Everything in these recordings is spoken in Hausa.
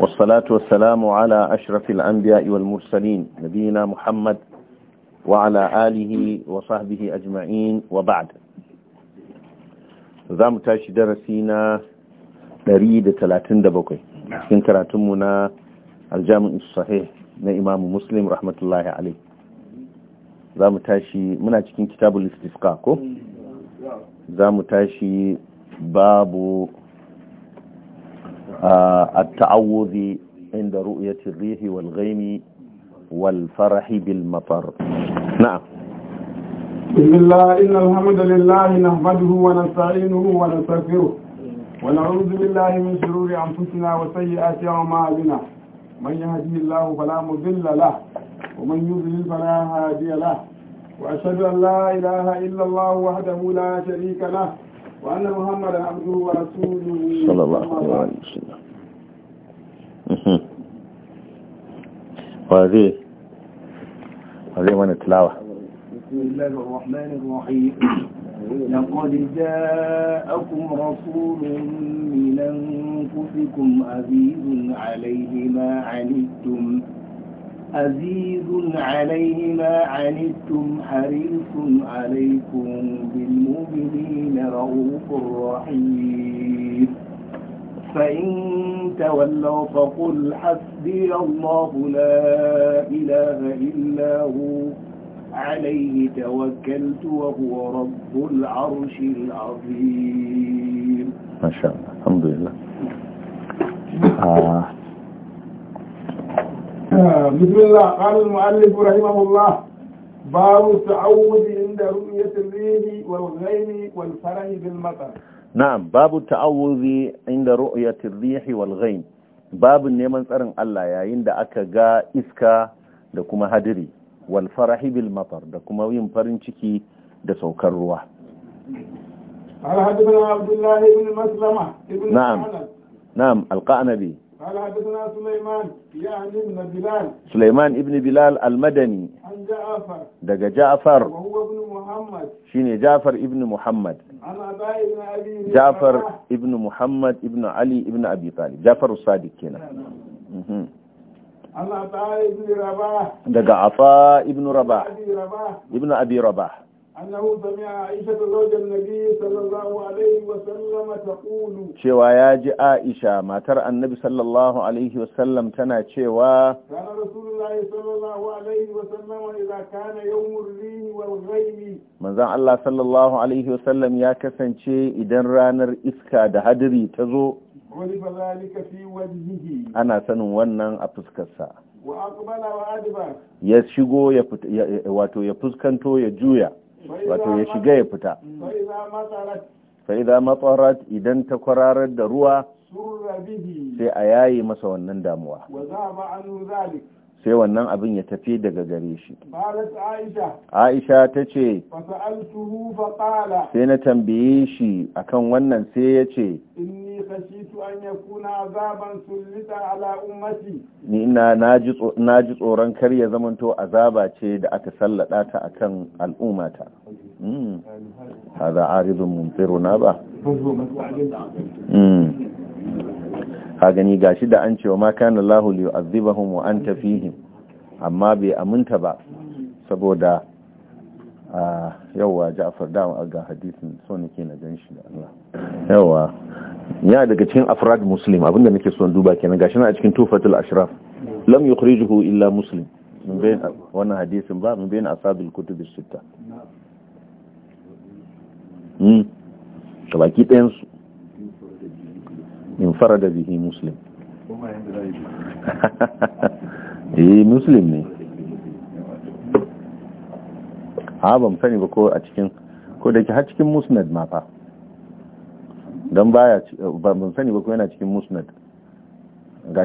والصلاة والسلام على أشرف الأنبياء والمرسلين نبينا محمد وعلى آله وصحبه أجمعين وبعد za mu tashi darasi na ɗari da da talatin bakwai cikin karatunmu na aljami'in sahih na imamu muslim rahmatullahi alai muna cikin kitabul istisqa ko za mu tashi babu آه، التعوذ عند رؤية الريح والغيم والفرح بالمطر نعم بسم الله إن الحمد لله نحمده ونستعينه ونستغفره ونعوذ بالله من شرور أنفسنا وسيئات أعمالنا من يهدي الله فلا مضل له ومن يضلل فلا هادي له وأشهد أن لا إله إلا الله وحده لا شريك له وأن محمد عبده ورسوله صلى الله عليه وسلم وهذه هذه وين التلاوة بسم الله الرحمن الرحيم لقد جاءكم رسول من أنفسكم عزيز عليه ما عنتم عزيز عليه ما عنتم حريص عليكم بالمؤمنين رؤوف رحيم فإن تولوا فقل حسبي الله لا إله إلا هو عليه توكلت وهو رب العرش العظيم ما شاء الله الحمد لله آه. بسم الله قال المؤلف رحمه الله باب التعوذ عند رؤية الريح والغيم والفرح بالمطر نعم باب عند رؤية الريح والغيم باب neman tsarin Allah yayin da aka ga iska da kuma hadiri wal farahi bil matar da kuma yin farin ciki da saukar ruwa al hadithana abdullah ibn maslama ibn na'am na'am al-qanabi قال حدثنا سليمان يعني ابن بلال سليمان ابن بلال المدني عن جعفر دق جعفر وهو ابن محمد شيني جعفر ابن محمد عن أبا ابن أبي جعفر ابن محمد ابن علي ابن أبي طالب جعفر الصادق كنا عن عطاء ابن رباح دق عطاء ابن رباح ابن أبي رباح أنه سمع عائشة زوج النبي صلى الله عليه وسلم تقول شوى ياجي عائشة ما ترى النبي صلى الله عليه وسلم تنا شوى كان رسول الله صلى الله عليه وسلم إذا كان يوم الرين والغيم من ذا الله صلى الله عليه وسلم يا كسن شي إذن رانر إسكا دهدري تزو عرف ذلك في وجهه أنا سنو ونن أبسكسا وأقبل وأدبر يشيغو يفت... ي... واتو يفسكنتو يجويا wato ya shiga ya fita fa'iza matsarat idan ta kwararar da ruwa sai a yayi masa wannan damuwa sai wannan abin ya tafi daga gare shi aisha ta ce sai na tambaye shi akan wannan sai ya ce ni na ji tsoron kar ya zamanto azaba ce da aka sallada ta akan al'ummata hmm. haza tsiro na ba ka gani gashi da an cewa ma kana Allahu li yu'adhibahum wa anta fihim amma bai aminta ba saboda yawa Ja'far da ga hadisin so nake na gan shi da Allah yawa ya daga cikin afrad muslim abinda nake so duba kenan gashi na a cikin tufatul ashraf lam yukhrijuhu illa muslim min bayin wannan hadisin ba min bayin asabil kutub as-sittah mm baki ɗayan su infarada bihi muslim yi muslim ne a ban sani ba ko a cikin ko da ke ha cikin musnad ma fa don baya ban sani ba ko yana cikin musnad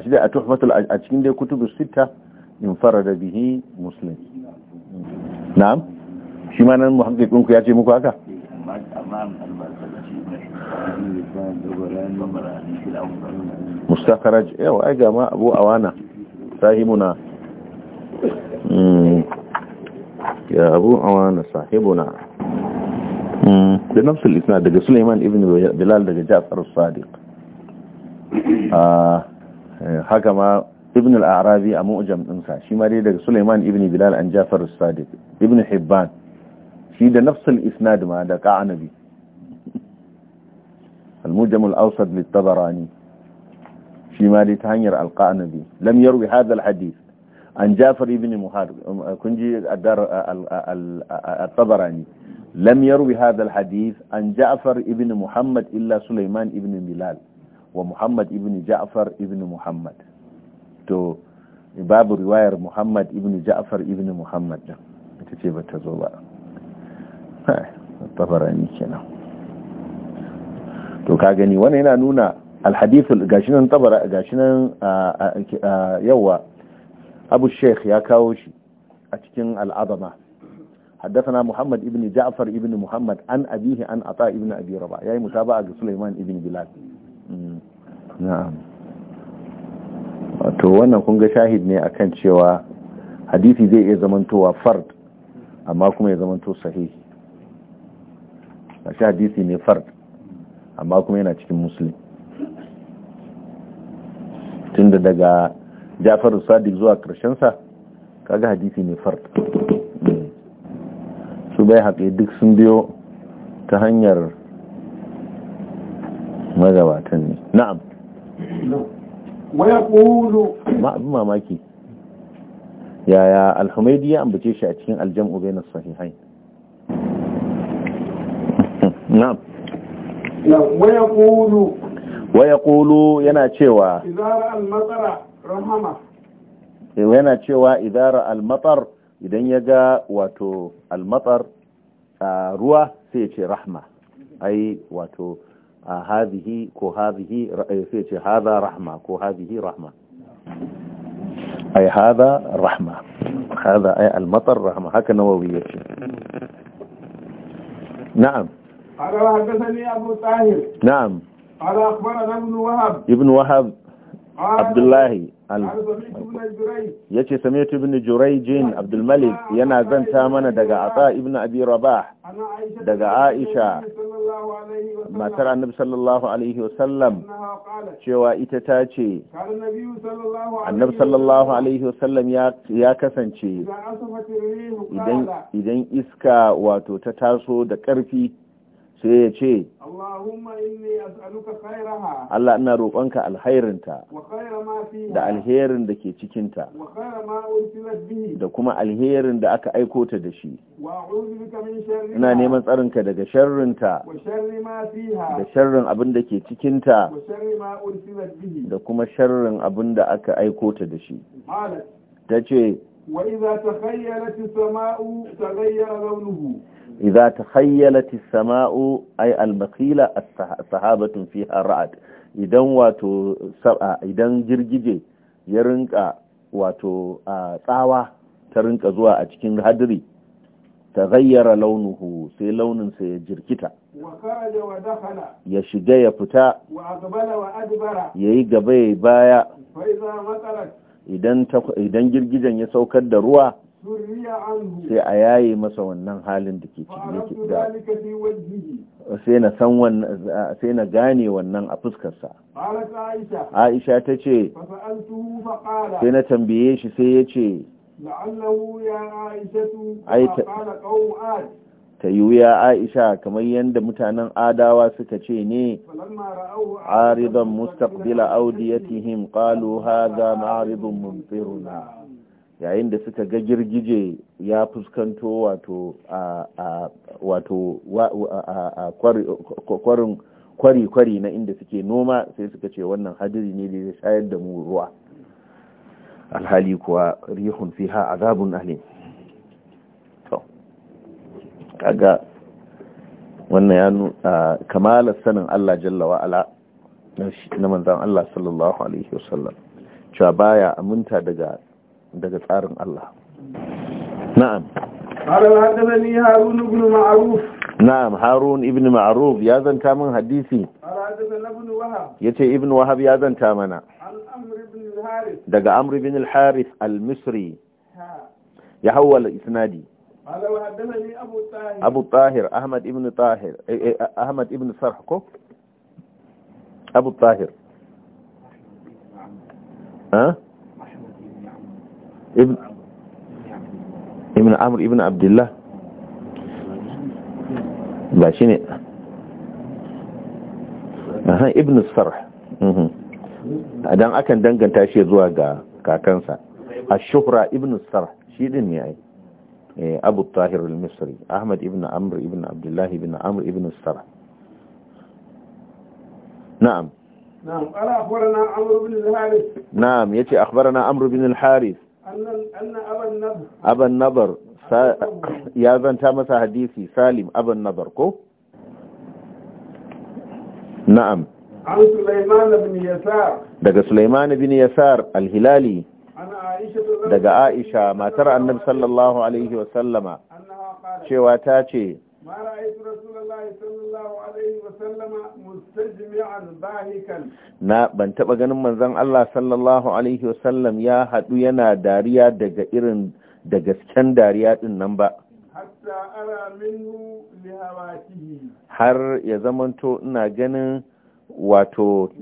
shi dai a tuhfatul a cikin dai kutubu sita da bihi muslim na'am shi ma nan muhaqqiqin ya ce muku haka mustakaraj yawa ai ga ma abu awana sahibuna hmm. ya abu awana sahibuna da hmm. nafsul isna daga suleiman ibn bilal daga ja'far sadiq ah, eh, haka ma ibn al-arabi a mu'jam dinsa shi ma dai daga suleiman ibn bilal an ja'far sadiq ibn hibban shi da nafsul isnad ma da qa'anabi المجم الأوسط للطبراني فيما تهنير القانبي لم يروي هذا الحديث عن جعفر بن محارب كنجي الدار الطبراني لم يروي هذا الحديث عن جعفر بن محمد إلا سليمان بن بلال ومحمد بن جعفر بن محمد تو باب رواية محمد بن جعفر بن محمد تتيبت تزوبا الطبراني كنا to ka gani wannan yana nuna alhadithul gashinan tabara gashinan yawa abu sheikh ya kawo shi a cikin al'azama muhammad ibn ابن ibn muhammad an abihi an ata ibn abi raba ya yi متابعة سليمان ابن بلال نعم to wannan kun ga shahid ne akan cewa hadisi zai iya zamantowa fard amma kuma ya zamanto sahihi a shahadisi hadisi ne fard amma kuma yana cikin muslim tunda daga jafar sadiq zuwa sa kaga hadisi ne fard su bai haƙe duk sun biyo ta hanyar magabatan ne na'am waya mamaki yaya alhamadu ya ambace shi a cikin aljam'u bai na sahihai na'am ويقول ينا تشيوى إدارة المطر رحمة وينا تشيوى إدارة المطر إذن يجا واتو المطر آه، روى سيتي رحمة أي واتو آه، هذه كو هذه آه، سيتي هذا رحمة كو هذه رحمة أي هذا رحمة هذا أي المطر رحمة هكذا نووي نعم قال حدثني أبو طاهر نعم قال أخبرنا ابن وهب ابن وهب عبد الله ya ce same tu ibn juraijin abdulmalik yana zanta mana daga ata ibn abi rabah daga aisha matar annabi sallallahu cewa ita ta ce annabi sallallahu ya kasance idan iska wato ta taso da ƙarfi sai ya ce Allah ina roƙonka alhairinta da alherin da ke cikinta da kuma alherin da aka aiko ta da shi ina neman tsarinka daga sharrinta da sharrin abin da ke cikinta da kuma sharrin abin da aka aiko ta da shi ta ce وإذا تخيلت السماء تغير لونه إذا تخيلت السماء أي المقيلة الصحابة فيها رأت idan wato idan girgije ya rinka wato tsawa ta rinka zuwa a cikin hadiri ta gayyara launuhu sai launinsa ya jirkita ya shiga ya fita ya yi gaba ya baya idan girgijen ya saukar da ruwa sai a yaye masa wannan halin da ke ciki da sai na gane wannan a fuskarsa Aisha ta ce sai na tambaye shi sai ya ce ta yi wuya aisha kamar yadda mutanen adawa suka ce ne aridan mustaqbila audiyatihim qalu hadha ma'ridun mumtiruna yayin da suka ga girgije ya fuskanto wato a kwarin kwari-kwari na inda suke noma sai suka ce wannan hadiri ne da ya shayar da mu ruwa alhali kuwa rihun fiha azabun alim kaga wannan ya nuna kamalar sanin Allah jalla wa'ala na manzan Allah sallallahu alaihi wasallam cewa baya aminta daga daga tsarin Allah na'am قال حدثني هارون بن معروف نعم هارون ابن معروف يا زنتا من حديثي yace ibn wahab ya zanta mana daga amr ibn al-harith al-misri ya hawala isnadi abu tahir ahmad ibn tahir ahmad ibn sarh ko abu tahir ibn amr ibn abdullah ba shi ne dan akan danganta shi zuwa ga kakansa a shuhra ibn sarh shi din ne ai Eh, abu tahir al-misri ahmad ibn amr ibn abdullahi ibn amr ibn sara na'am na'am ala akhbarana amr ibn al-harith na'am yati akhbarana amr ibn ya zanta masa hadisi salim aban ko na'am daga sulaiman Bin yasar al-hilali daga Aisha matar annabi sallallahu alaihi wa sallama cewa ta ce na ban taba ganin manzon Allah sallallahu alaihi wa sallam ya hadu yana dariya daga irin da gasken dariya din nan ba har ya zamanto ina ganin wato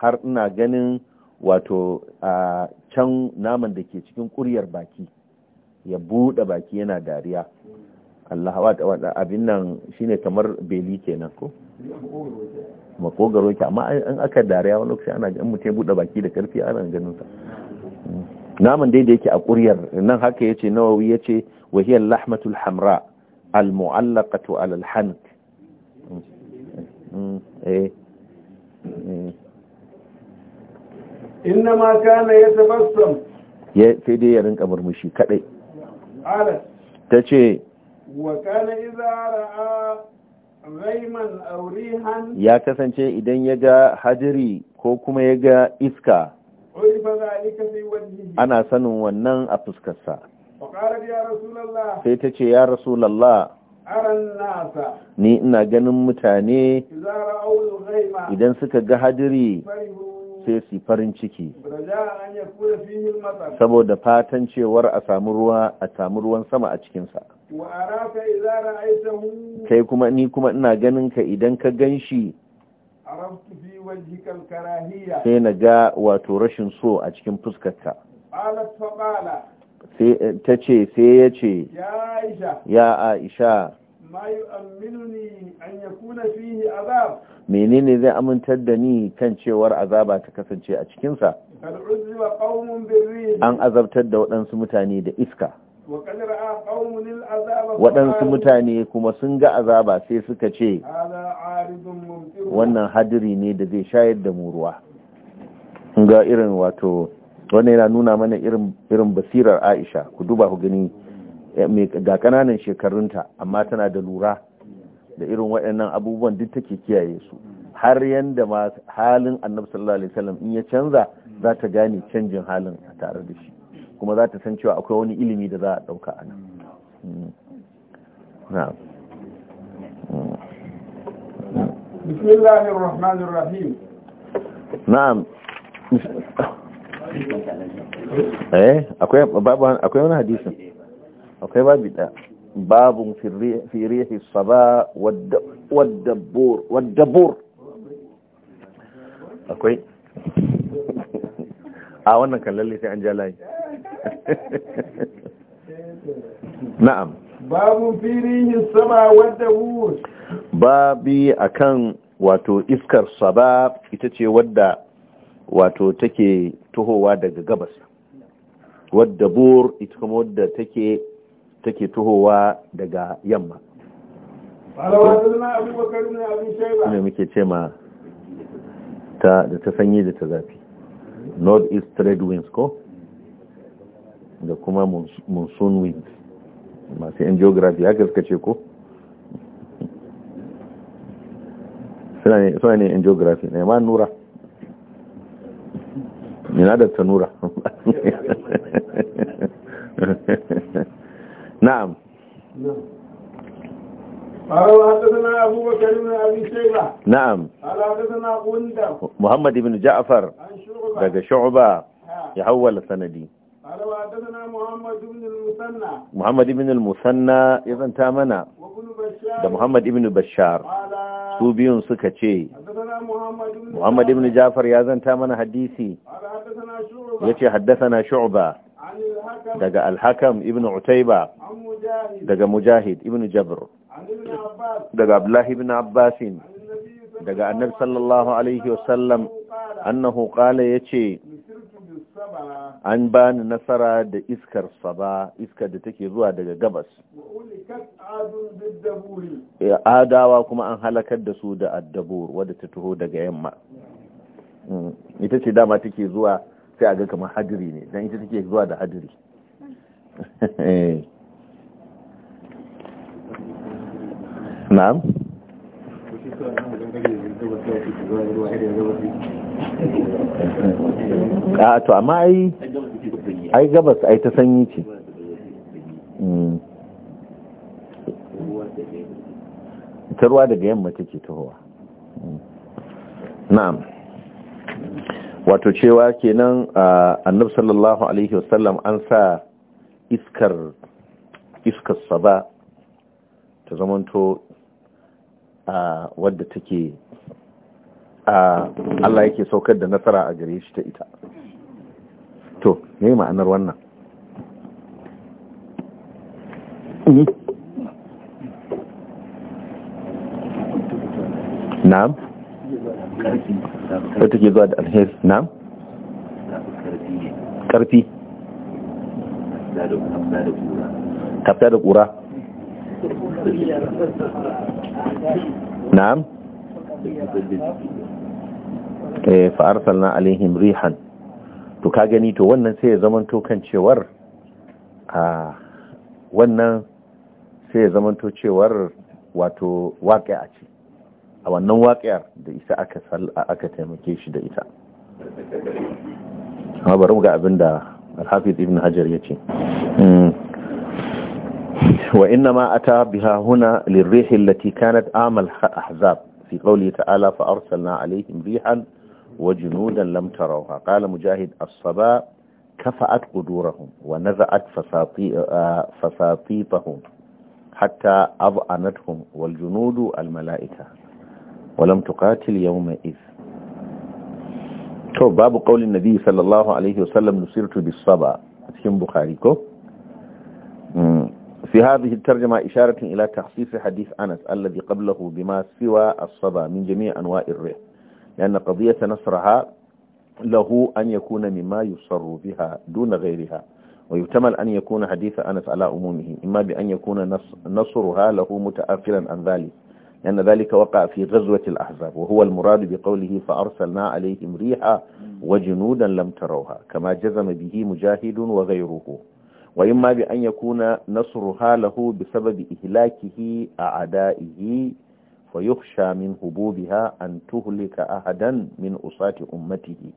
har ina ganin wato can naman da ke cikin ƙuryar baki ya buɗe baki yana dariya Allah wata abin nan shine kamar beli kenan ko makogaro ke amma an aka dariya wani lokaci ana ganin mutum buɗe baki da karfi ana ganin sa naman dai da yake a ƙuryar nan haka yace nawawi yace wahiyar lahmatul hamra al mu'allaqatu ala al hank hmm. eh eh inna ma kana ya tabassam ya sai dai ya rinka murmushi kadai ta ce wa kana idza ra'a rayman aw rihan ya kasance idan ya ga hadiri ko kuma ya ga iska ana sanin wannan a fuskarsa sai ta ce ya rasulallah ni ina ganin mutane idan suka ga hadiri sai su farin ciki saboda fatan cewar a samu ruwa a samu ruwan sama a cikinsa kai kuma ni kuma ina ganin ka idan ka gan shi sai na ga wato rashin so a cikin fuskarka eh, ta ce sai ya ce ya aisha menene zai amintar da ni kan cewar azaba ta kasance a cikinsa an azabtar da waɗansu mutane da iska waɗansu mutane kuma sun ga azaba sai suka ce wannan hadiri ne da zai shayar da mu ruwa ga irin wato wani yana nuna mana irin basirar aisha ku duba ku gani ga ƙananan shekarunta amma tana da lura da irin waɗannan abubuwan duk take kiyaye su har yadda ma halin annabi sallallahu alaihi wasallam in ya canza za ta gane canjin halin a tare da shi kuma za ta san cewa akwai wani ilimi da za a ɗauka a nan hmm. na'am eh akwai babu akwai wani hadisin akwai babu ɗaya babun firihi saba waddabur akwai a wannan kan lalle sai an ja layi na'am babun firihi saba waddabur babi akan wato iskar saba ita ce wadda wato take tuhowa daga gabas wadda bur ita kuma wadda take take tuhowa daga yamma ne muke ce ma da ta sanyi da ta zafi north east trade winds ko da kuma monsoon winds masu yan geography ya gaskace ce ko suna ne yan geography na yamma nura yana da ta nura na'am قالوا حدثنا أبو بكر بن أبي شيبة نعم قال حدثنا غندر محمد بن جعفر عن شعبة دقى شعبة يحول سندي قالوا حدثنا محمد بن المثنى محمد بن المثنى إذا تامنا وابن بشار ده محمد بن بشار su biyun suka ce Muhammad ibn Jafar ya zanta mana hadisi yace haddasana Shu'ba daga alhakam ibn utaiba daga mujahid ibn jabr daga abdullahi ibn abbasin daga annabi sallallahu alaihi wasallam annahu qala yace an bani nasara da iskar saba iskar da take zuwa daga gabas adawa kuma an halakar da su da addabur wadda ta taho daga yamma hmm, ita ce dama take zuwa sai a ga kamar hadiri ne dan ita take zuwa da hadiri Eh. na'am a ah, to amma ai ai gabas ai ta sanyi ce hmm. ta ruwa daga yamma take tahowa hmm. na'am wato cewa kenan ah, annab sallallahu alaihi an sa iskar iskarsa ba ta zamanto a wadda take a Allah yake saukar da nasara a gare shi ta ita to me ma'anar wannan hmm? na'am ta take zuwa da alheri na'am karfi kafta da kura na'am eh fa arsalna alaihim rihan to ka gani to wannan sai ya zamanto kan cewar a wannan sai ya zamanto cewar wato waƙi'a ce a wannan waƙiyar da isa aka taimake shi da ita amma bari mu ga abin da الحافظ ابن حجر يتي وإنما أتى بها هنا للريح التي كانت آم الأحزاب في قوله تعالى فأرسلنا عليهم ريحا وجنودا لم تروها قال مجاهد الصبا كفأت قدورهم ونزعت آه، فساطيطهم حتى أضأنتهم والجنود الملائكة ولم تقاتل يومئذ to babu kaulin nabi sallallahu alaihi wasallam nusirtu bisaba a cikin bukhari ko في هذه الترجمة إشارة إلى تخصيص حديث أنس الذي قبله بما سوى الصبا من جميع أنواع الريح لأن قضية نصرها له أن يكون مما يصر بها دون غيرها ويحتمل أن يكون حديث أنس على عمومه إما بأن يكون نصرها له متأخرا عن ذلك لأن ذلك وقع في غزوة الأحزاب وهو المراد بقوله فأرسلنا عليهم ريحا وجنودا لم تروها كما جزم به مجاهد وغيره وإما بأن يكون نصرها له بسبب إهلاكه أعدائه فيخشى من هبوبها أن تهلك أحدا من أصاة أمته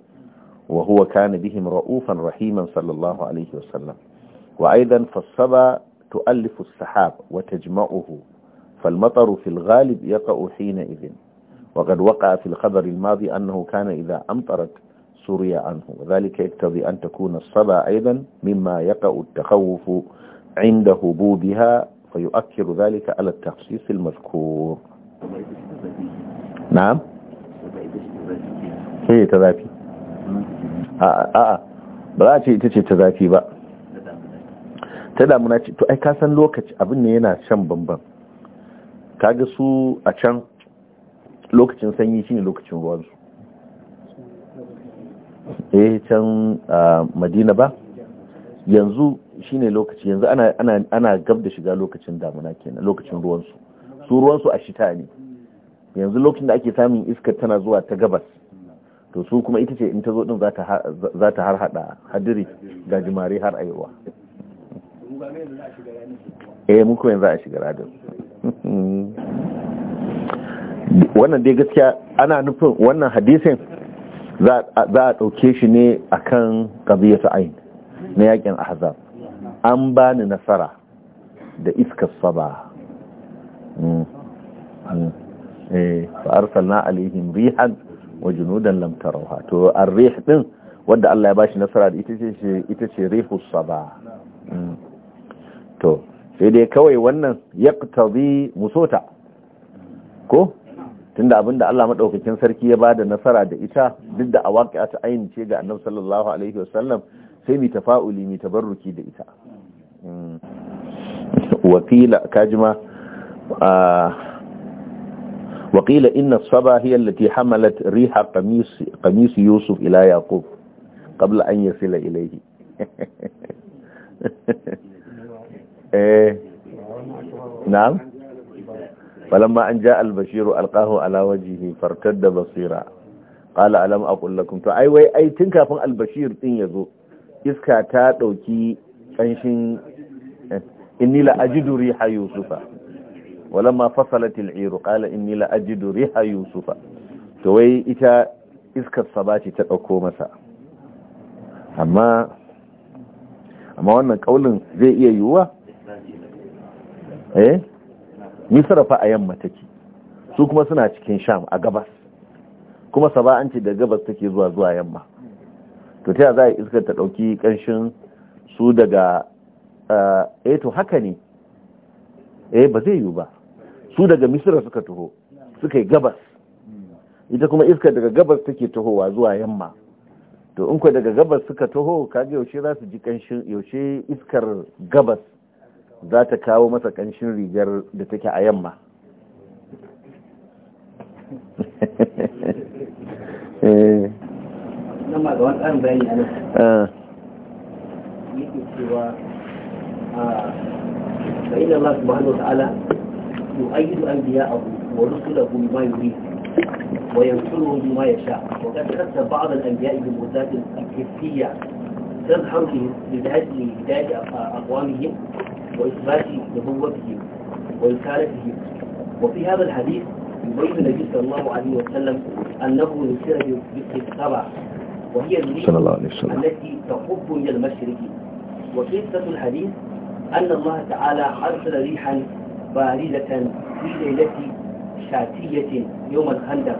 وهو كان بهم رؤوفا رحيما صلى الله عليه وسلم وأيضا فالصبا تؤلف السحاب وتجمعه فالمطر في الغالب يقع حينئذ وقد وقع في الخبر الماضي أنه كان إذا أمطرت سري عنه وذلك يقتضي أن تكون الصبا أيضا مما يقع التخوف عند هبوبها فيؤكد ذلك على التخصيص المذكور نعم هي إيه، تذاكي آآ اه ba آه، za آه. تذاكي بقى تدا ce تو اي كاسن ta ابن ce yana shan Ka ga su a can lokacin sanyi shine lokacin ruwansu eh can madina ba yanzu shine lokaci yanzu ana gab da shiga lokacin damuna kenan lokacin ruwansu su ruwansu a shita ne yanzu lokacin da ake samun iskar tana zuwa ta gabas to su kuma ita ce in ta zo din za ta har hada hadiri ga jimare har ayuwa eh muku yanzu a shiga radin eh, Mm. wannan dai gaskiya ana nufin wannan hadisin za a ɗauke shi ne a kan ƙabiyatu ayin na yakin ahzab an ba ni nasara da iskar saba mm. eh, fa'arsalna alaihim rihan wa junudan lamtarauha to an rih din wadda Allah ya ba shi nasara da ita ce rihus saba mm. to sai dai kawai wannan ya tabi musota ko tunda abinda Allah maɗaukakin sarki ya bada nasara da ita duk da awaƙi ta ce ga annabi sallallahu alaihi wasallam sai mi tafa'uli mi tabarruki da ita hmm. wakila kajima وقيل إن saba hiya allati hamalat riha قميص, قميص yusuf ila yaqub qabla an yasila ilayhi eh na'am falamma an ja al-bashiru alqahu ala wajhihi fartadda basira qala alam aqul lakum to ai wai ai tun kafin al-bashir din yazo iska ta dauki kanshin eh, inni la ajidu riha yusufa walamma fasalat al-ir qala inni la ajidu riha yusufa to wai ita iskar sabati ta dauko masa amma amma wannan kaulin zai iya yiwuwa eh misra fa a yamma take su kuma suna cikin sham a gabas kuma saba an ce da gabas take zuwa zuwa yamma to ta za a iskar ta ɗauki kanshin su daga eh, eh to haka ne eh ba zai yiwu ba su daga misira suka taho suka yi gabas ita kuma iskar daga gabas take tahowa zuwa yamma to in kuwa daga gabas suka taho kaga yaushe za su ji kanshin yaushe iskar gabas za ta kawo masa ƙanshin rigar da take a yamma فإن الله سبحانه وتعالى يؤيد أنبياءه بما يريد وينصره بما يشاء وقد حتى بعض الأنبياء بالمدات الكفية تظهر لذات لهداية أقوامهم وإثبات نبوته ورسالته وفي هذا الحديث يبين النبي صلى الله عليه وسلم أنه يسير بالصفة السبع وهي الله عليه وسلم التي تحب إلى المشرق وقصة الحديث أن الله تعالى أرسل ريحا باردة في ليلة شاتية يوم الخندق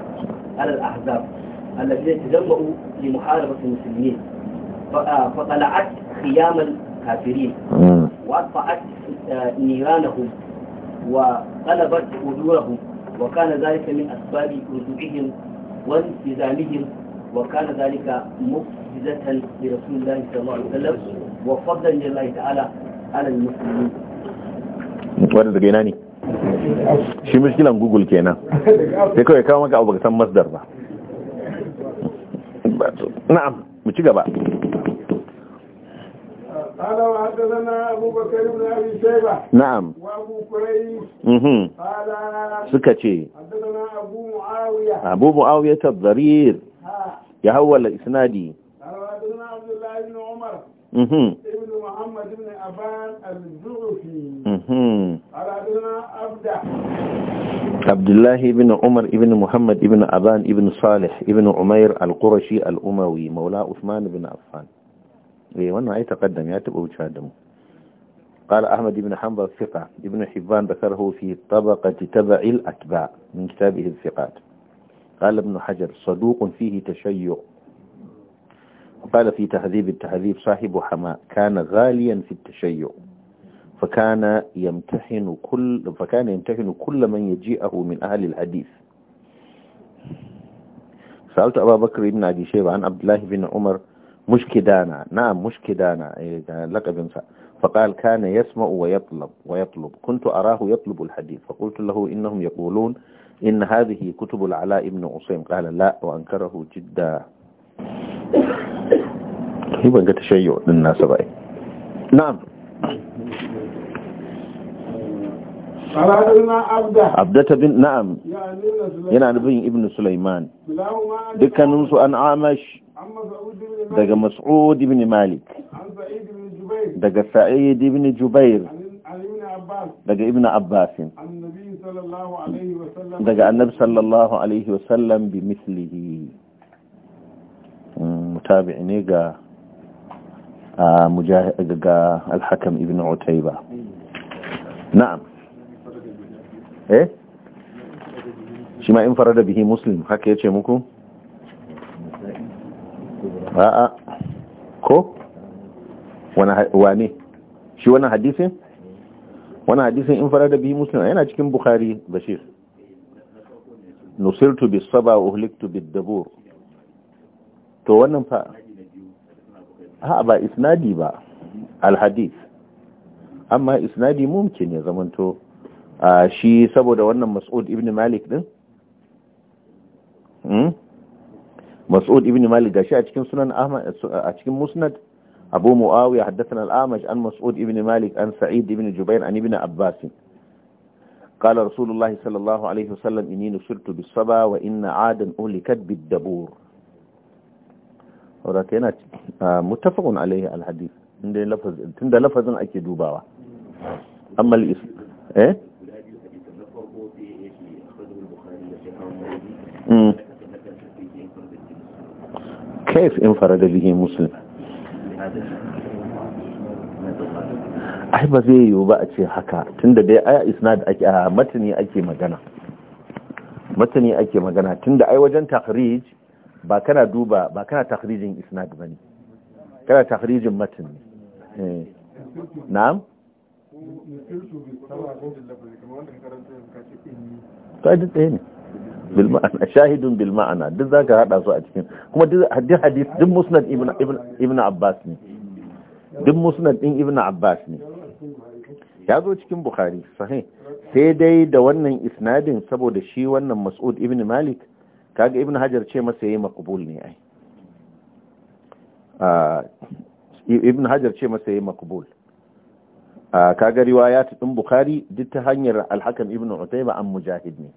على الأحزاب الذين تجمعوا لمحاربة المسلمين فطلعت خيام الكافرين آه. وأطفأت نيرانهم وقلبت أجورهم وكان ذلك من أسباب رجوعهم وانتزامهم وكان ذلك مفزة لرسول الله صلى الله عليه وسلم وفضلا لله تعالى على المسلمين وانا daga shi mashilan google kenan sai kawai kawo maka abu ga san masdar ba na'am mu ci gaba قال وحدثنا أبو بكر بن أبي شيبة نعم وأبو قريش اها قال سكتي حدثنا أبو معاوية أبو معاوية الضرير يهول الإسنادي قال وحدثنا عبد الله بن عمر اها ابن محمد بن أبان الزغفي اها قال حدثنا أبدع عبد الله بن عمر بن محمد بن أبان بن صالح بن عمير القرشي الأموي مولى عثمان بن عفان إيه وأنه أي تقدم يعتبه وجه قال أحمد بن حنبل الثقة ابن حبان ذكره في طبقة تبع الأتباع من كتابه الثقات قال ابن حجر صدوق فيه تشيع وقال في تهذيب التهذيب صاحب حماء كان غاليا في التشيع فكان يمتحن كل فكان يمتحن كل من يجيئه من أهل الحديث سألت أبا بكر بن أبي شيبة عن عبد الله بن عمر مش كدانا نعم مش كدانا إيه، لقبنسا فقال كان يسمع ويطلب ويطلب كنت أراه يطلب الحديث فقلت له إنهم يقولون إن هذه كتب العلاء بن عصيم قال لا وأنكره جدا يبقى تشيع للناس بأي نعم عبدة بن نعم yana يعني ابن سليمان sulaiman نمسو أن عامش daga mas'ud ibn malik daga sa'id ibn jubair daga ibn abbas daga annabi sallallahu alaihi wasallam bi mislihi mutabi ne ga ga alhakam ibn utaiba na'am eh shi ma in farada bihi muslim haka ya ce muku a'a ko wane shi wani hadisin Wani hadisin in fara da bi muslim yana cikin bukhari bashir nusirtu bis saba uhliktu bid dabur to wannan fa ha ba isnadi ba al hadis amma isnadi mumkin ya zamanto shi saboda wannan mas'ud ibn malik din hmm? mas'ud ibn malik gashi a cikin sunan ahmad a cikin musnad abu muawiya haddathana al-amash an mas'ud ibn malik an sa'id ibn jubair an ibn abbas قال رسول الله صلى الله عليه وسلم إني نصرت بالصبا وإن عادا أهلكت بالدبور وركينا متفق عليه الحديث عند لفظ عند لفظ أكيد دوباوا أما الاسم إيه؟ كيف انفرد به مسلم ahiba zai yiwu ba a ce haka tunda dai aya isnad ake a matani ake magana matani ake magana tunda ai wajen takhrij ba kana duba ba kana takhrijin isnad bane kana takhrijin matani ne na'am to da tsaye ne bil ma'ana shahidun bil ma'ana duk zaka hada su a cikin kuma duk hadith duk musnad ibn ibn abbas ne duk musnad din ibn abbas ne ya zo cikin bukhari sahih sai dai da wannan isnadin saboda shi wannan mas'ud ibn malik kaga ibn hajar ce masa yayi maqbul ne ai ibn hajar ce masa yayi maqbul kaga riwayat din bukhari duk ta hanyar al-hakim ibn utayba an mujahid ne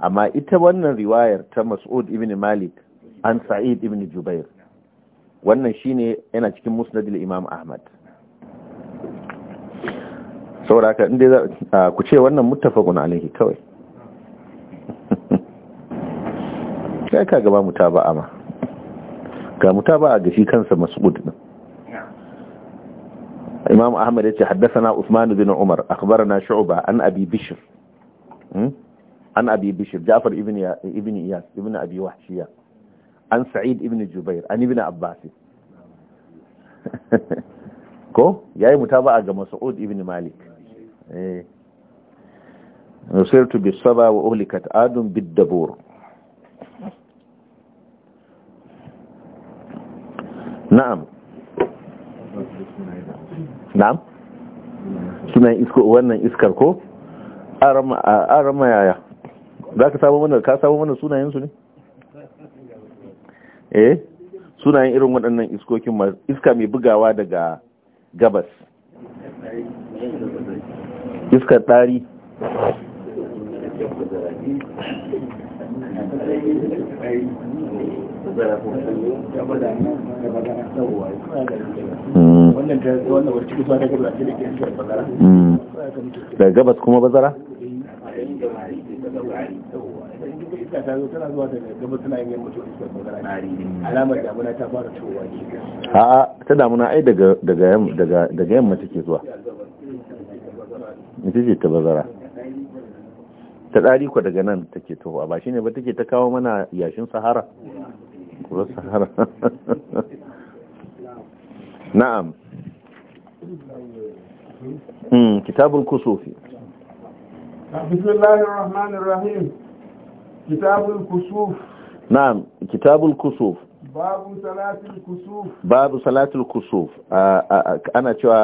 amma ita wannan riwayar ta mas'ud ibn malik an sa'id ibn jubair wannan shine yana cikin musnadil imam ahmad saboda haka inda za ku ce wannan muttafaqun alaihi kawai sai ka gaba mutaba'a ma ga mutaba'a ga shi kansa mas'ud din imam ahmad yace haddathana Usmanu bin umar akhbarana shu'ba an abi bishr an abi bishir jafar ibn iyas ibn abi wahshiya an sa'id ibn jubair an ibn abbas ko yayi mutaba'a ga mas'ud ibn malik eh nusirtu bisaba wa uhlikat adun bid-dabur na'am na'am suna wannan iskar ko yaya za ka samu mana ka samu mana sunayensu ne eh sunayen irin waɗannan iskokin iska mai bugawa daga gabas iskar ɗari hmm. hmm. Da gabas kuma bazara tazawuri iska ta zo tana zuwa gaba yin yamma to iska nari alamar damuna ta fara ne a'a ta damuna ai daga daga daga daga yamma take zuwa ita ce ta bazara ta ɗari ko daga nan take towa ba shine ba take ta kawo mana yashin sahara kura sahara na'am hmm, kitabul kusufi بسم الله الرحمن الرحيم كتاب الكسوف نعم كتاب الكسوف باب صلاة الكسوف باب صلاة الكسوف آه، آه، آه، أنا توا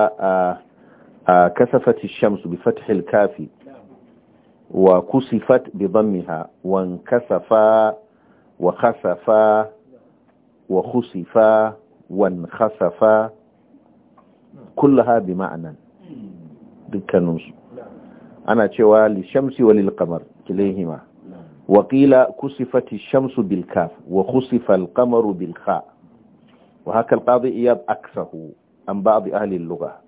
كسفت الشمس بفتح الكافي وكسفت بضمها وانكسف وخسف وخسف وانخسف كلها بمعنى بكنوز ana cewa li shamsi wa lil qamar kilayhima wa qila kusifati shamsu bil kaf wa kusifa al qamaru bil kha wa haka al qadi iyab aksahu an ba'd ahli al lugha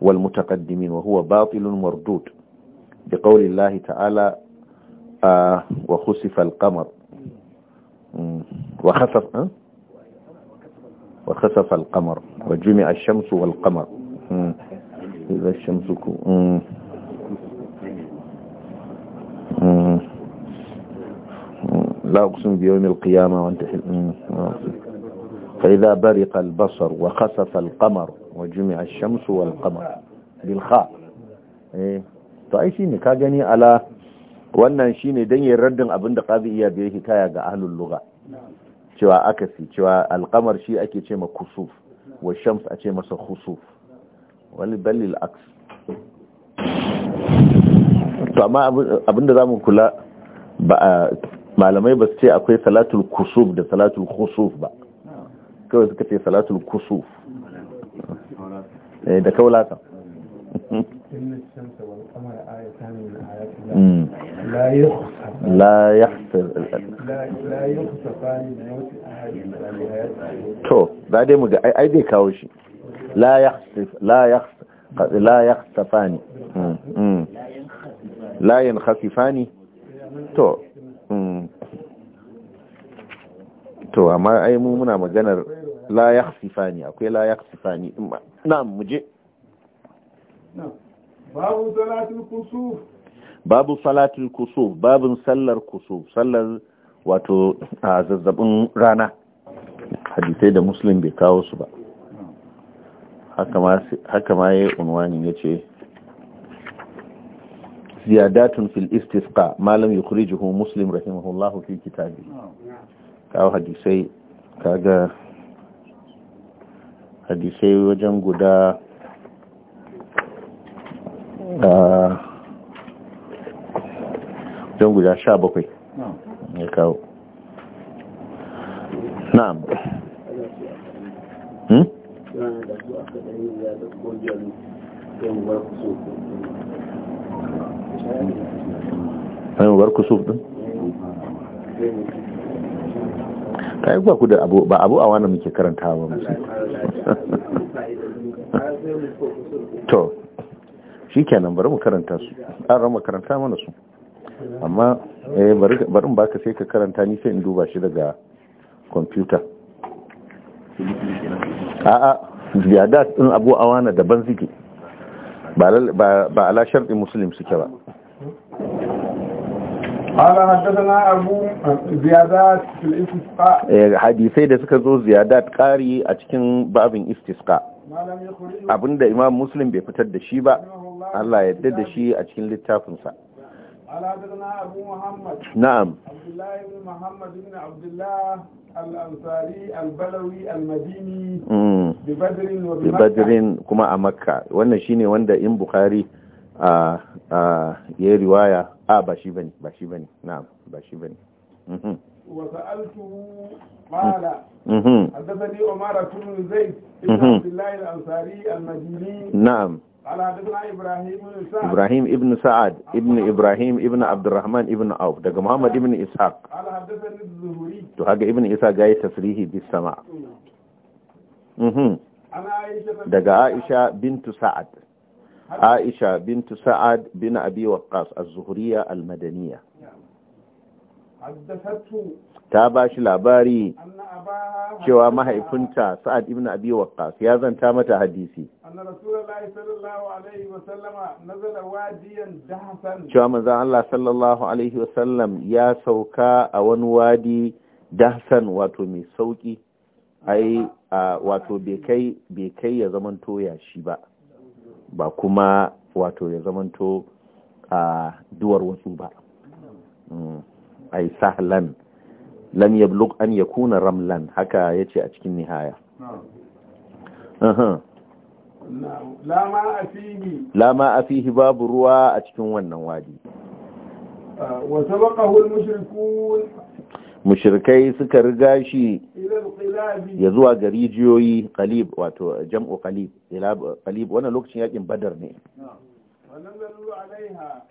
wal mutaqaddimin wa huwa batilun mardud bi qawli allah ta'ala wa kusifa al qamar wa khasafa وخسف القمر وجمع الشمس والقمر إذا الشمس لا أقسم بيوم القيامة وانت فإذا برق البصر وخسف القمر وجمع الشمس والقمر بالخاء فأي شيء كاجني على wannan shine dan yin raddin abin da iya bai hikaya ga ahlul lugha cewa ce cewa alqamar shi ake ce ma kusuf wa shams a ce masa khusuf wal to amma abin zamu kula ba malamai ba su ce akwai salatul kusuf da salatul Kusuf ba kawai suka ce salatul kusuf eh, da kaulata hmm. la yahsir to za dai mu ga ai dai kawo shi la yahsif la yahsif la yahsifani hmm, hmm. la yankhasifani to Hmm. to amma ai mu muna maganar la yakhsifani akwai la yakhsifani na'am muje babu salatul kusuf babu salatul kusuf babun sallar kusuf sallar wato a zazzabin rana hadisai da muslim bai kawo su ba haka ma ya unwani ya ce ziyadatun fil istisqa malam yukhrijuhu muslim rahimahullahu fi kitabi kawo hadisai kaga hadisai wajen guda ah, wajen guda sha bakwai ya kawo na'am hmm? ainihin barku kusuf din ka yi ba ku da abu ba abu a wani muke karanta ba musu to shi kenan bari mu karanta su an rama karanta mana su amma eh bari in baka sai ka karanta ni sai in duba shi daga kwamfuta a'a da din abu awana daban ziki ba ala sharɗin musulun suke ba قال حدثنا eh, da suka zo ziyadat kari a cikin babin istisqa abinda imam muslim bai fitar da shi ba Allah ya da shi a cikin littafin na'am al-Ansari al-Balawi al-Madini bi kuma a Makka wannan shine wanda in Bukhari ya riwaya a ba shi bane ba shi bane na ba shi bane mhm. mhm. mhm. na'am ibrahim ibn sa'ad ibn ibrahim ibn abd ibn auf daga muhammad ibn ishaq to haga ibn isa gayi tasrihi bis sama' mhm ana aisha daga aisha bintu sa'ad aisha bintu sa'ad bin abi waqqas az-zuhriya al-madaniya ta ba shi labari cewa mahaifinta sa'ad ibn abi waqqas ya zanta mata hadisi cewa manzon Allah sallallahu alaihi wasallam ya sauka a wani wadi dahsan wato mai sauki ai wato bai kai ya zaman zamanto yashi ba ba kuma wato ya zamanto a duwar wasu ba mm. ai sahlan lam yablugh an yakuna ramlan haka yace a cikin nihaya lama a fihi babu ruwa a cikin wannan wadi wa sabaqahu al-mushrikun mushirkai suka riga shi ya zuwa ga rijiyoyi kalib wato jam'u kalib wannan lokacin yakin badar ne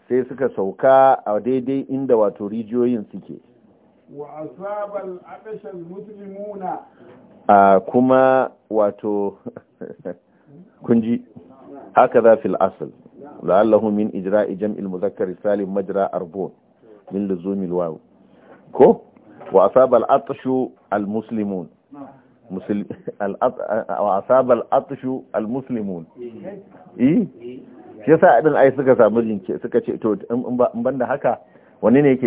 sai suka sauka a daidai inda wato rijiyoyin suke a kuma wato kunji haka za fi asal la'allahu min ijra'i jam'il muzakkar salim majra arbon min luzumil waw ko wa asaba المسلمون al-muslimun wa asaba al al-muslimun eh shi yasa din ai suka samu jinke suka ce to in banda haka wani ne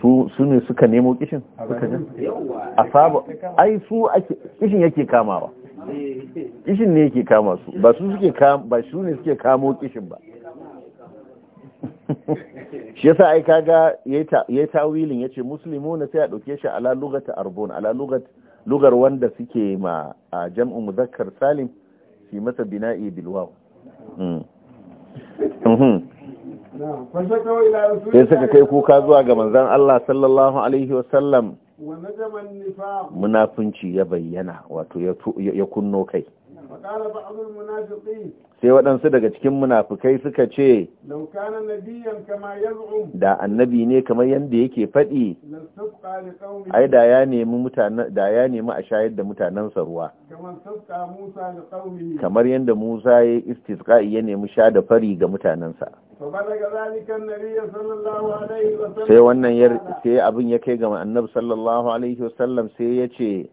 su ne suka nemo kishin suka asaba ai su ake kishin yake kamawa kishin ne yake kama su ba su suke ba su ne suke kamo kishin ba shi yasa ai kaga yayi tawilin yace na sai a dauke shi ala lugata arbun ala lugat lugar wanda suke ma jam'u muzakkar salim shi masa bina'i bil waw hmm. Hmm. sai suka kai kuka zuwa ga manzon Allah sallallahu alaihi sallam munafunci ya bayyana wato ya kunno kai sai waɗansu daga cikin munafukai suka ce da annabi ne kamar yadda yake faɗi ai da ya nemi a shayar da mutanensa ruwa kamar yadda Musa ya istisqa'i ya nemi sha da fari ga mutanensa sai wannan sai abin ya kai ga annabi sallallahu alaihi wasallam sai ya ce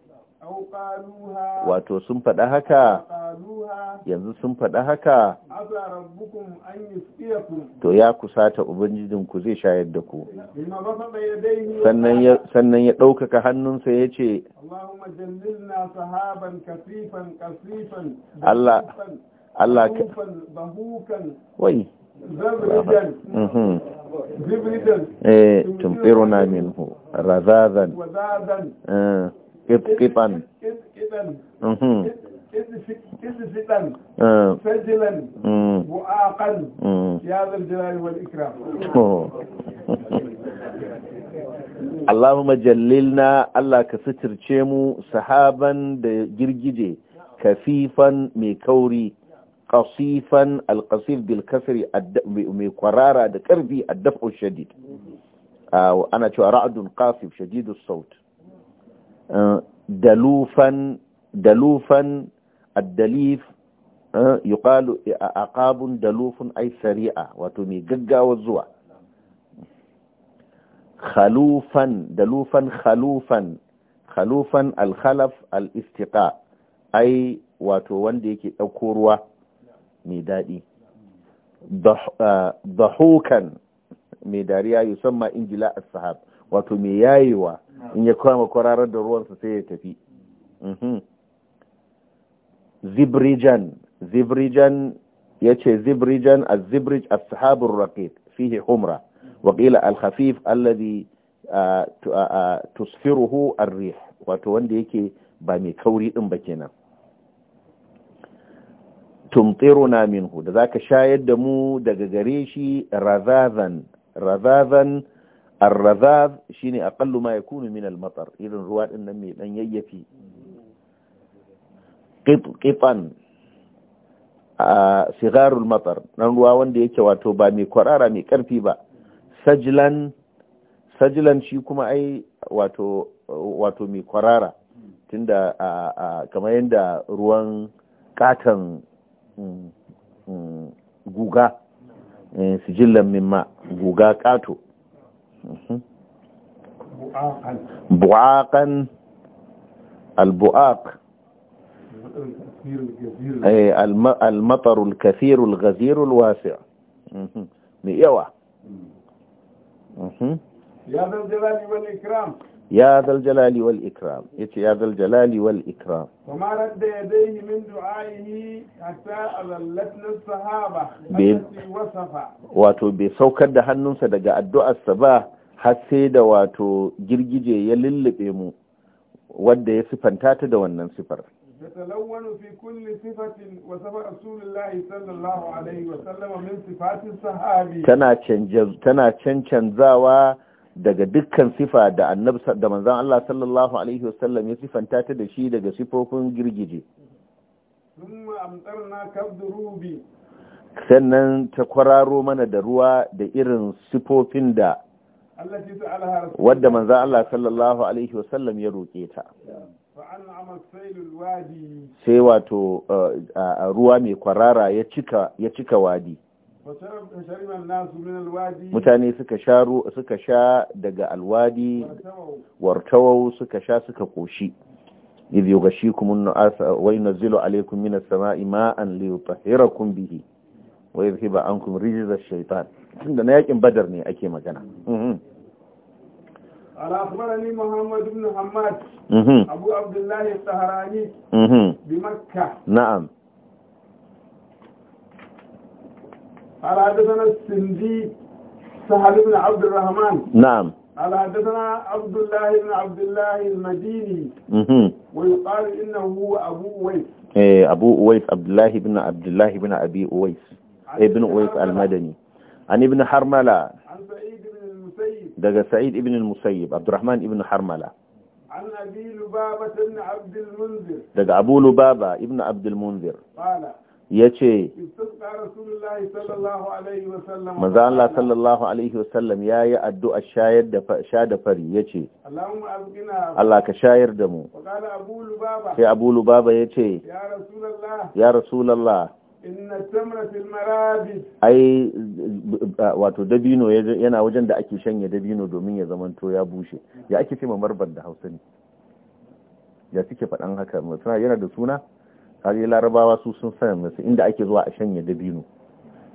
wato sun faɗa haka yanzu sun faɗa haka to ya kusata ubangijinku zai shayar da ku sannan ya ɗaukaka hannunsa ya ce Allah Allah ka wai zibridan mhm. eh tumfiruna minhu razazan eh, qitqitan mhm. إذ فتن سجلا وآقا يا ذا الجلال والإكرام Allahumma jallilna Allah ka suturce mu sahaban da girgije kafifan mai kauri kafifan alqasif bilkasiri mai kwarara da karfi addafu shadid ah, ana cewa ra'adun qasif shadidus saut ah, dalufan addalif yuqalu aqabun dalufun ay sari'a wato mai gaggawa zuwa khalufan dalufan khalufan khalufan alkhalaf alistiqa ai wato wanda yake ɗauko ruwa mai daɗi dahukan mai dariya yusamma Ingila as-sahab wato mai yayewa in ya kama kwararar da ruwansa sai ya tafi zibrijan zibrijan ya ce zibrijan a zibrij a sahabin rakit fihe humra waƙila alhafif a tusfiruhu arrih wato wanda yake ba mai kauri ɗin ba kenan na minhu da zaka shayar da mu daga gare shi razazan razazan arrazaz shine aqallu ma yakunu min al irin ruwa din nan mai dan kifan a sigarul matsar ɗan ruwa wanda yake wato ba mai kwarara mai ƙarfi ba sajilan sajilan shi kuma ai wato wato mai kwarara tunda kamar yadda ruwan katon mm, mm, guga eh, sijillan mimma guga kato mhm. buakan al-bu'aƙ المطر الكثير الغزير الواسع ya zal wal ikram ya zal wal ikram ya zal wal ikram kuma radda yadayhi min du'aihi hatta azallatna sahaba allati wasafa wato bai saukar da hannunsa daga addu'arsa ba har sai da wato girgije ya lullube mu wanda ya sifanta ta da wannan sifar يتلون في كل صفة وصف رسول الله صلى الله عليه وسلم من صفات الصحابي تنا تشنجز تنا تشنجزاوا daga dukkan sifa da annabi da manzon Allah sallallahu alaihi wasallam ya sifanta ta da shi daga sifofin girgije thumma amtarna kabdurubi sannan ta kwararo mana da ruwa da irin sifofin da wadda manzon Allah sallallahu alaihi wasallam ya roke ta sai wato uh, ruwa mai kwarara ya cika wadi mutane suka sha daga alwadi wartawau suka sha suka koshi idh an nu'as wa yunzilu alaykum minas sama'i ma'an liyutahhirakum bihi wa yadhhiba ankum rijza ash-shaytan tunda na yakin badar ne ake magana mm-hmm. قال أخبرني محمد بن حماد أبو عبد الله السهراني بمكة نعم قال حدثنا السندي سهل بن عبد الرحمن نعم قال حدثنا عبد الله بن عبد الله المديني ويقال إنه هو أبو أويس إيه أبو أويس عبد الله بن عبد الله بن أبي أويس ابن أويس المدني عن ابن حرملة daga sa'id ibn al-musayyib abdurrahman ibn harmala an abi lubaba ibn abd al-munzir daga abu lubaba ibn abd al-munzir ya ce manzo Allah sallallahu alaihi wasallam ya yi addu'a shayar da sha da fari ya ce Allah ka shayar da mu sai abu lubaba ya ce ya rasulallah inna tamra fil marabis ai wato dabino yana wajen da ake shanye dabino domin ya zamanto ya bushe ya ake ce marban da Hausa ne ya suke faɗan haka suna yana da suna har larabawa su sun san musu inda ake zuwa a shanye dabino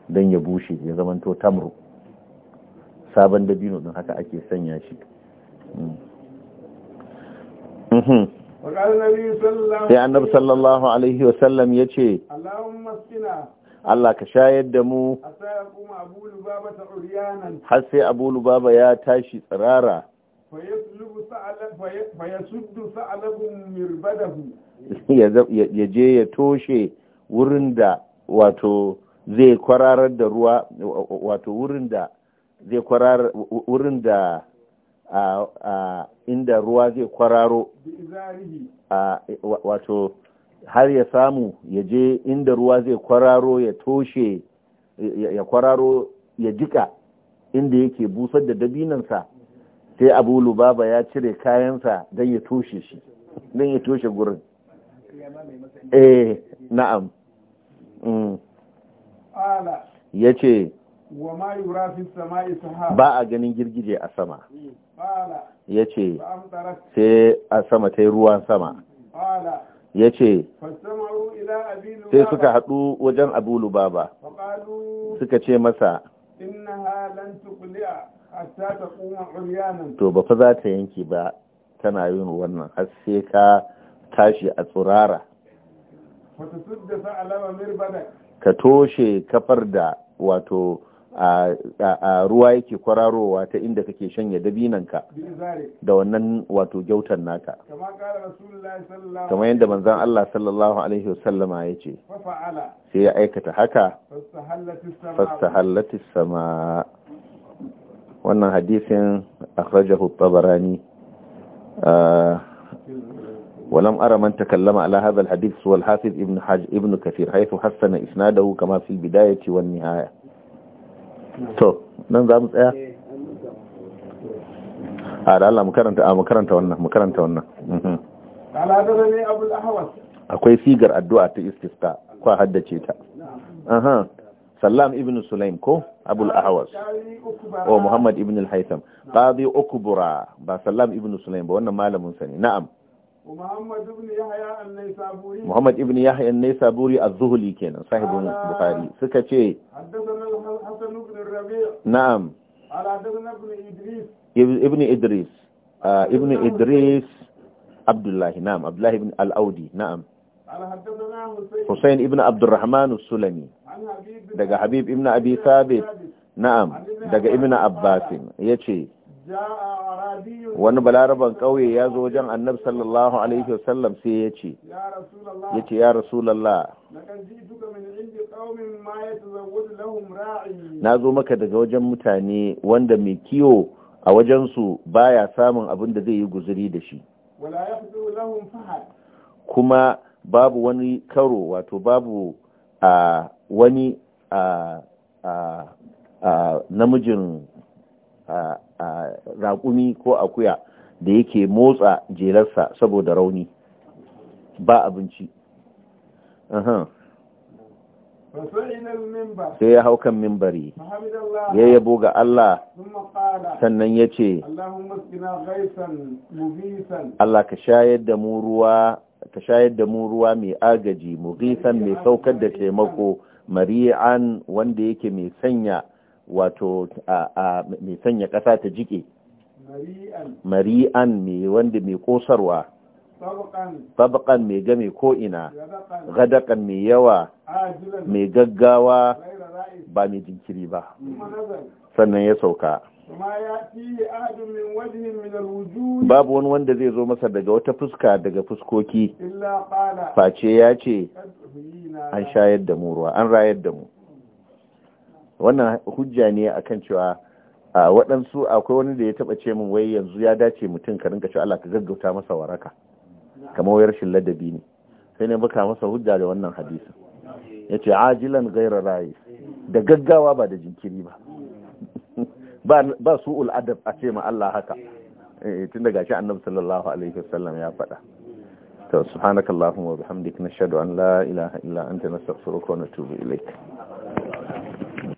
don ya bushe ya zamanto tamro sabon dabino don haka ake sanya shi hmm. mhm. sai annabi sallallahu alaihi wasallam ya ce Allah ka shayar da mu har sai abu lubaba ya tashi tsirara ya je ya toshe wurin da wato zai kwararar da ruwa wato wurin da zai kwararar wurin da inda ruwa zai kwararo wato har ya samu ya je inda ruwa zai kwararo ya toshe ya kwararo ya jika inda yake busar da dabinansa sai abu lubaba ya cire kayansa don ya toshe shi don ya toshe gurin eh na'am mm. ya ce ba a ganin girgije a sama mm. ya ce sai a sama ta yi ruwan sama ya ce sai suka haɗu wajen abu suka ce masa to ba fa za ta yanki ba tana yin wannan har ka tashi a tsurara ka toshe kafar da wato A'a, ruwa yake kwararowa ta inda kake shanya dabinanka da wannan wato gyautar naka kamar yadda manzan Allah sallallahu alaihi wasallama ya ce sai ya aikata haka fastahallatis sama wannan hadisin akhrajahu tabarani ولم أرى من تكلم على هذا الحديث هو الحافظ ابن, حاج ابن كثير حيث حسن إسناده كما في البداية والنهاية to nan za mu tsaya a da Allah makaranta a makaranta wannan makaranta wannan mhm. akwai sigar addu'a ta istisqa ko haddace ta aha sallam ibn sulaim ko abul ahwas o muhammad ibn al-haytham qadi ukbura ba sallam ibn sulaim ba wannan malamin sa ne na'am Muhammad ibn Yahya an-Naisaburi az-Zuhli kenan sahibin Bukhari suka ce Na'am ibn Idris ibn ah, Idris Abdullahi na'am Abdullahi ibn al-Audi na'am Hussein ibn Abdurrahman as-Sulami daga Habib ibn Abi Thabit na'am daga ibn Abbas yace wani balaraban ƙauye ya zo wajen annab sallallahu alaihi wasallam sai ya ce ya ce ya rasulallah na zo maka daga wajen mutane wanda mai kiwo a wajensu baya samun abin da zai yi guzuri da shi kuma babu wani karo wato babu a wani a namijin raƙumi ko akuya da yake motsa jelarsa saboda rauni ba abinci sai ya hau kan mimbari ya yabo ga Allah sannan ya ce Allah ka shayar da mu ruwa ka agaji mu ruwa mai agaji mai saukar da taimako mari'an wanda yake mai sanya wato mai sanya ƙasa ta jike mari'an mai wanda mai ƙosarwa sabakan mai game ko'ina gadakan mai yawa mai gaggawa ba mai jinkiri ba sannan ya sauka babu wani wanda zai zo masa daga wata fuska daga fuskoki face ya ce an shayar da mu ruwa an rayar da mu wannan hujja ne akan cewa a waɗansu akwai wani da ya taɓa ce min wai yanzu ya dace mutum ka rinka cewa Allah ka gaggauta masa waraka kamar wayar shin ladabi ne sai ne baka masa hujja da wannan ya yace ajilan gaira rayi da gaggawa ba da jinkiri ba ba ulada adab a ce ma Allah haka eh, tun daga shi annabi sallallahu alaihi wasallam ya faɗa to subhanakallahumma wa bihamdika nashhadu an la ilaha illa anta nastaghfiruka wa natubu ilaik